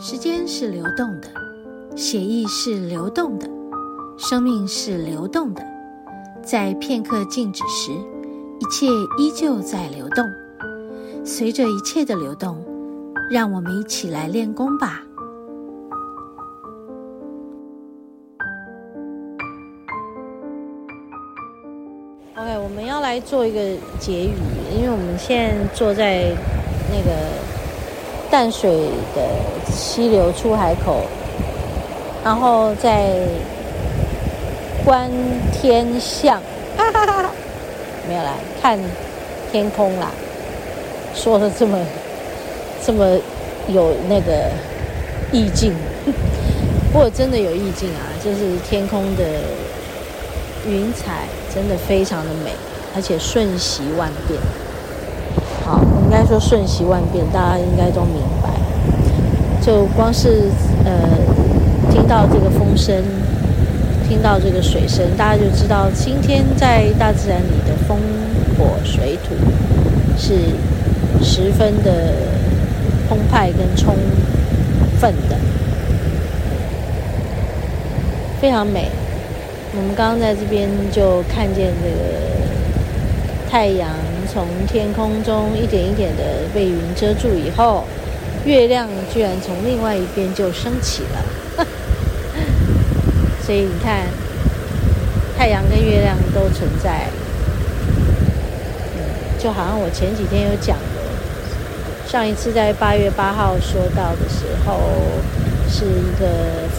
時間是流動的，血液是流動的，生命是流動的。在片刻靜止時，一切依舊在流動。隨着一切的流動，讓我們一起來練功吧。OK，我們要來做一個結語，因為我們現在坐在那個。淡水的溪流出海口，然後再觀天象， 沒有啦，看天空啦，說的這麼這麼有那個意境， 不過真的有意境啊，就是天空的雲彩真的非常的美，而且瞬息萬變。應該說瞬息萬變，大家應該都明白。就光是呃，聽到這個風聲，聽到這個水聲，大家就知道今天在大自然裡的風、火、水、土是十分的澎湃跟充分的，非常美。我們剛剛在這邊就看見這個太陽，從天空中一點一點的被雲遮住以後，月亮居然從另外一邊就升起了。 所以你看，太陽跟月亮都存在，嗯，就好像我前幾天有講的，上一次在八月八號說到的時候，是一個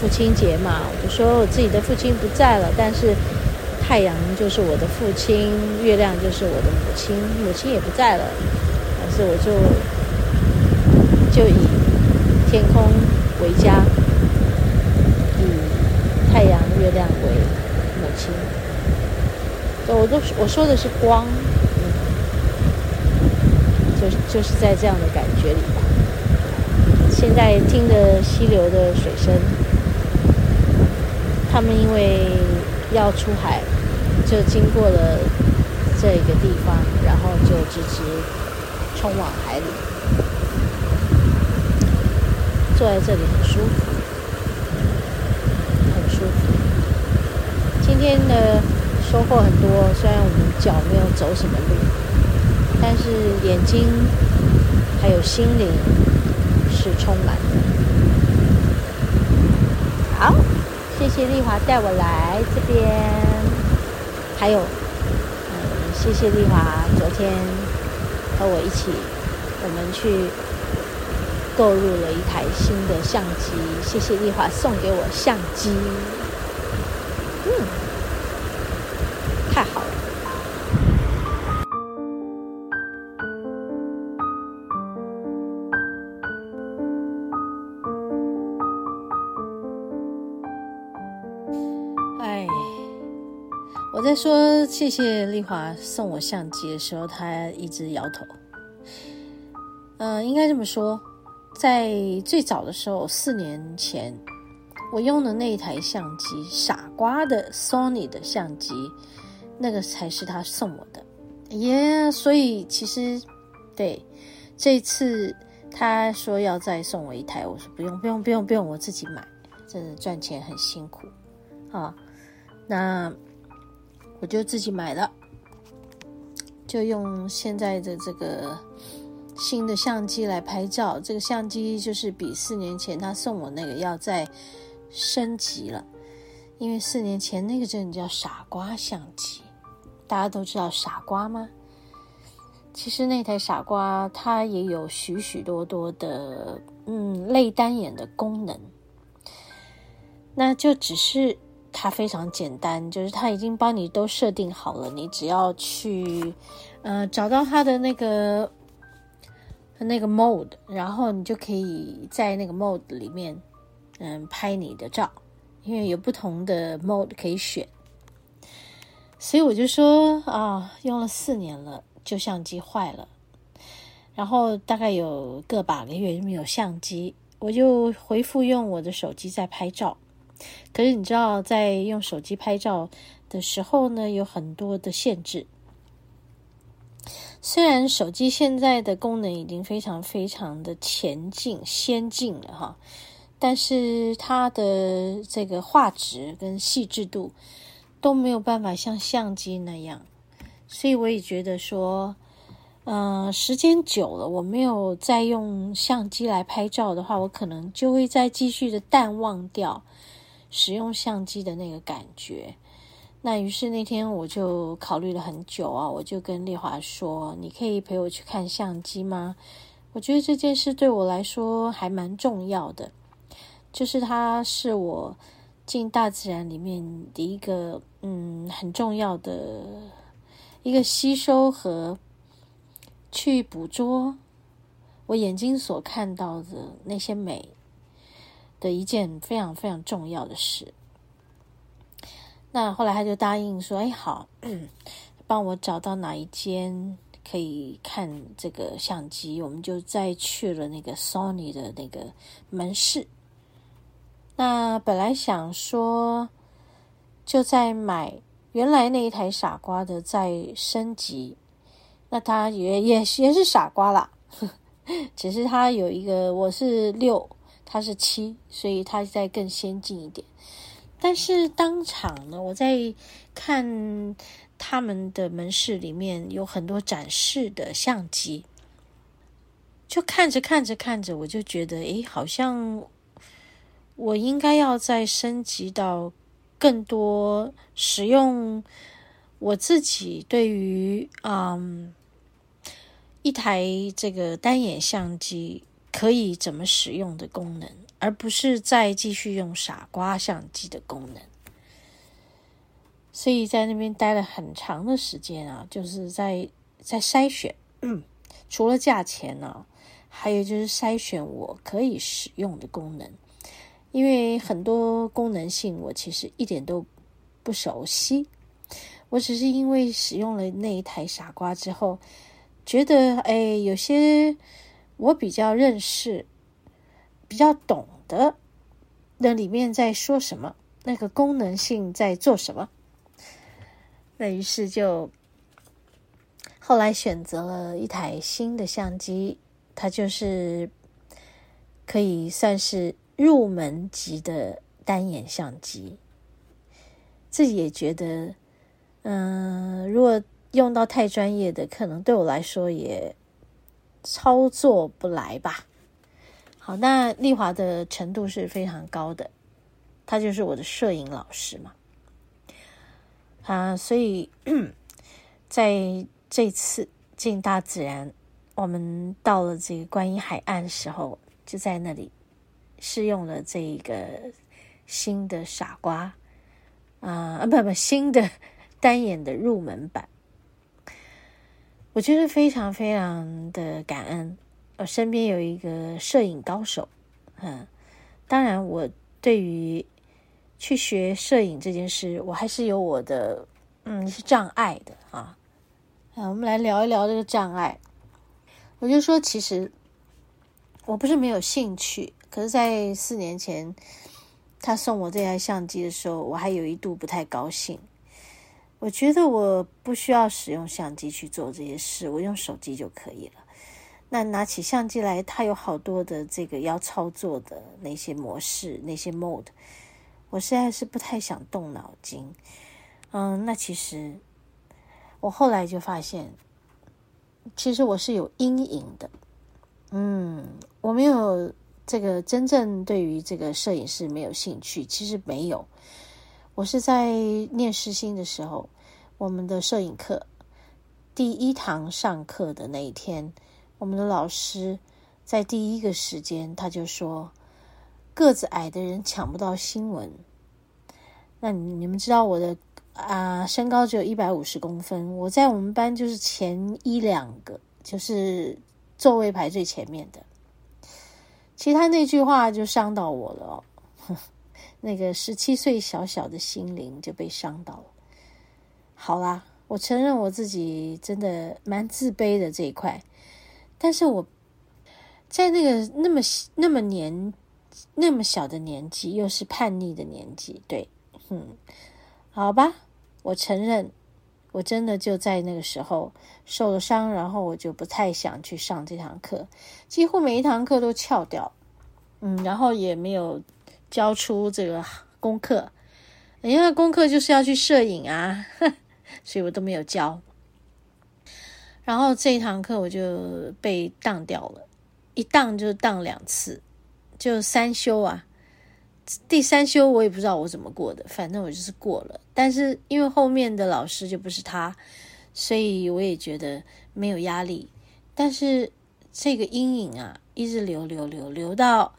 父親節嘛，我就說我自己的父親不在了，但是太陽就是我的父親，月亮就是我的母親，母親也不在了，所以我就就以天空為家，以太陽、月亮為母親。我都我說的是光，嗯，就就是在這樣的感覺裡吧。嗯，現在聽的溪流的水聲，他們因為要出海。就經過了這一個地方，然後就直直衝往海裡。坐在這裡很舒服，很舒服。今天的收穫很多。雖然我們腳沒有走什麼路，但是眼睛還有心靈是充滿的。好，謝謝麗華帶我來這邊。還有，嗯，謝謝麗華，昨天和我一起，我們去購入了一台新的相機。謝謝麗華送給我相機，嗯，太好了。說謝謝麗華送我相機的時候，他一直搖頭。嗯、呃，應該這麼說，在最早的時候，四年前我用的那一台相機，傻瓜的 Sony 的相機，那個才是他送我的耶。Yeah, 所以其實對這次他說要再送我一台，我說不用，不用，不用，不用，我自己買，真的賺錢很辛苦啊。好，那。我就自己買了，就用現在的這個新的相機來拍照。這個相機就是比四年前他送我那個要再升級了，因為四年前那個真的叫傻瓜相機。大家都知道傻瓜嗎？其實那台傻瓜它也有許許多多的嗯類單眼的功能，那就只是。它非常簡單，就是它已經幫你都設定好了，你只要去，呃，找到它的那個，那個 mode，然後你就可以在那個 mode 裡面，嗯、呃，拍你的照，因為有不同的 mode 可以選。所以我就說啊，用了四年了，舊相機壞了，然後大概有個把個月沒有相機，我就回復用我的手機在拍照。可是你知道，在用手機拍照的時候呢，有很多的限制。雖然手機現在的功能已經非常非常的前進先進了哈，但是它的這個畫質跟細緻度都沒有辦法像相機那樣。所以我也覺得說，嗯、呃，時間久了，我沒有再用相機來拍照的話，我可能就會再繼續的淡忘掉。使用相機的那個感覺，那於是那天我就考慮了很久啊，我就跟麗華說：“你可以陪我去看相機嗎？我覺得這件事對我來說還蠻重要的，就是它是我進大自然裡面的一個，嗯，很重要的一個吸收和去捕捉我眼睛所看到的那些美。”的一件非常非常重要的事。那後來他就答應說：“哎，好，嗯、幫我找到哪一間可以看這個相機。”我們就再去了那個 Sony 的那個門市。那本來想說，就再買原來那一台傻瓜的再升級。那他也也也是傻瓜啦， 只是他有一個我是六。它是七，所以它在更先進一點。但是當場呢，我在看他們的門市裡面有很多展示的相機，就看着看着看着，我就覺得，哎，好像我應該要再升級到更多使用我自己對於啊、嗯、一台這個單眼相機。可以怎麼使用的功能，而不是再繼續用傻瓜相機的功能。所以在那邊待了很長的時間啊，就是在在篩選，嗯，除了價錢呢，啊，還有就是篩選我可以使用的功能，因為很多功能性我其實一點都不熟悉，我只是因為使用了那一台傻瓜之後，覺得哎有些。我比較認識，比較懂得那裡面在說什麼，那個功能性在做什麼。那於是就後來選擇了一台新的相機，它就是可以算是入門級的單眼相機。自己也覺得，嗯、呃，如果用到太專業的，可能對我來說也。操作不來吧？好，那麗華的程度是非常高的，他就是我的攝影老師嘛。啊，所以在這次進大自然，我們到了這個觀音海岸時候，就在那裡試用了這個新的傻瓜，呃、啊啊不不，新的單眼的入門版。我覺得非常非常的感恩，我身邊有一個攝影高手，嗯，當然我對於去學攝影這件事，我還是有我的嗯是障礙的啊，啊我們來聊一聊這個障礙。我就說，其實我不是沒有興趣，可是在四年前他送我這台相機的時候，我還有一度不太高興。我覺得我不需要使用相機去做這些事，我用手機就可以了。那拿起相機來，它有好多的這個要操作的那些模式、那些 mode，我實在是不太想動腦筋。嗯，那其實我後來就發現，其實我是有陰影的。嗯，我沒有這個真正對於這個攝影師沒有興趣，其實沒有。我是在念世新的時候，我們的攝影課第一堂上課的那一天，我們的老師在第一個時間他就說：“個子矮的人搶不到新聞。”那你們知道我的啊，身高只有一百五十公分，我在我們班就是前一兩個，就是座位排最前面的。其實他那句話就傷到我了，哦。呵呵那個十七歲小小的心靈就被傷到了。好啦，我承認我自己真的蠻自卑的這一塊，但是我在那個那麼那麼年那麼小的年紀，又是叛逆的年紀，對，嗯，好吧，我承認我真的就在那個時候受了傷，然後我就不太想去上這堂課，幾乎每一堂課都翹掉，嗯，然後也沒有。交出這個功課，因為功課就是要去攝影啊，所以我都沒有交。然後這一堂課我就被當掉了，一當就當兩次，就三修啊。第三修我也不知道我怎麼過的，反正我就是過了。但是因為後面的老師就不是他，所以我也覺得沒有壓力。但是這個陰影啊，一直留留留留到，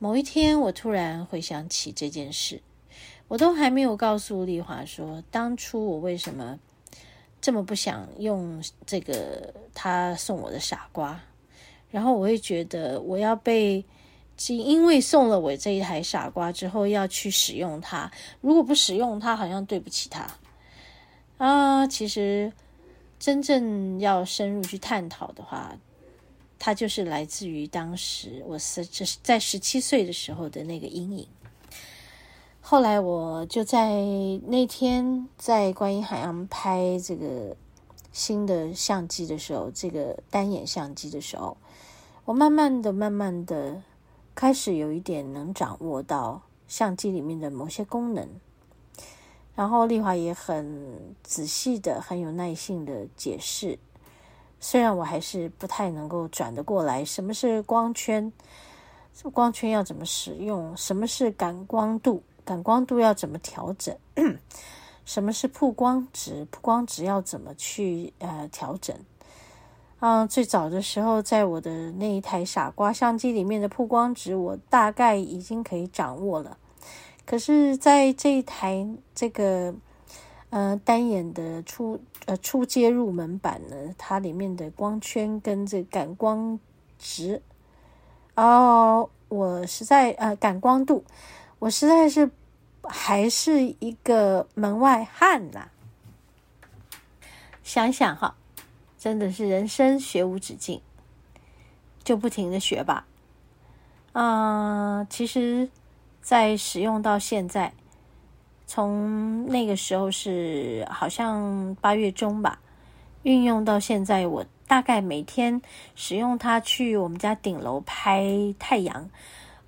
某一天，我突然回想起這件事，我都還沒有告訴麗華說，當初我為什麼這麼不想用這個他送我的傻瓜。然後我會覺得，我要被只因為送了我這一台傻瓜之後，要去使用它，如果不使用它，好像對不起他啊。其實，真正要深入去探討的話。它就是來自於當時我就是在十七歲的時候的那個陰影。後來我就在那天在觀音海洋拍這個新的相機的時候，這個單眼相機的時候，我慢慢的、慢慢的開始有一點能掌握到相機裡面的某些功能。然後麗華也很仔細的、很有耐性的解釋。雖然我還是不太能夠轉得過來，什麼是光圈？這光圈要怎麼使用？什麼是感光度？感光度要怎麼調整？ 什麼是曝光值？曝光值要怎麼去呃調整？嗯、啊，最早的時候，在我的那一台傻瓜相機裡面的曝光值，我大概已經可以掌握了。可是，在這一台這個。呃，單眼的初呃初階入門版呢，它裡面的光圈跟這感光值，哦，我實在呃感光度，我實在是還是一個門外漢吶、啊。想想哈，真的是人生學無止境，就不停的學吧。啊、呃，其實，在使用到現在。從那個時候是好像八月中吧，運用到現在，我大概每天使用它去我們家頂樓拍太陽，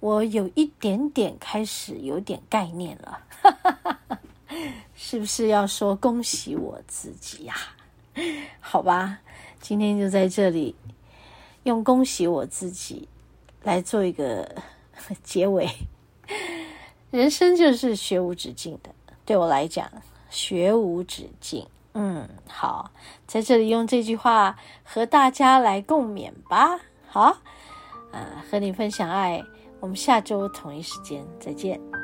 我有一點點開始有點概念了， 是不是要說恭喜我自己呀？好吧，今天就在這裡用恭喜我自己來做一個結尾。人生就是學無止境的，對我來講，學無止境。嗯，好，在這裡用這句話和大家來共勉吧。好，啊、呃，和你分享愛，我們下周同一時間再見。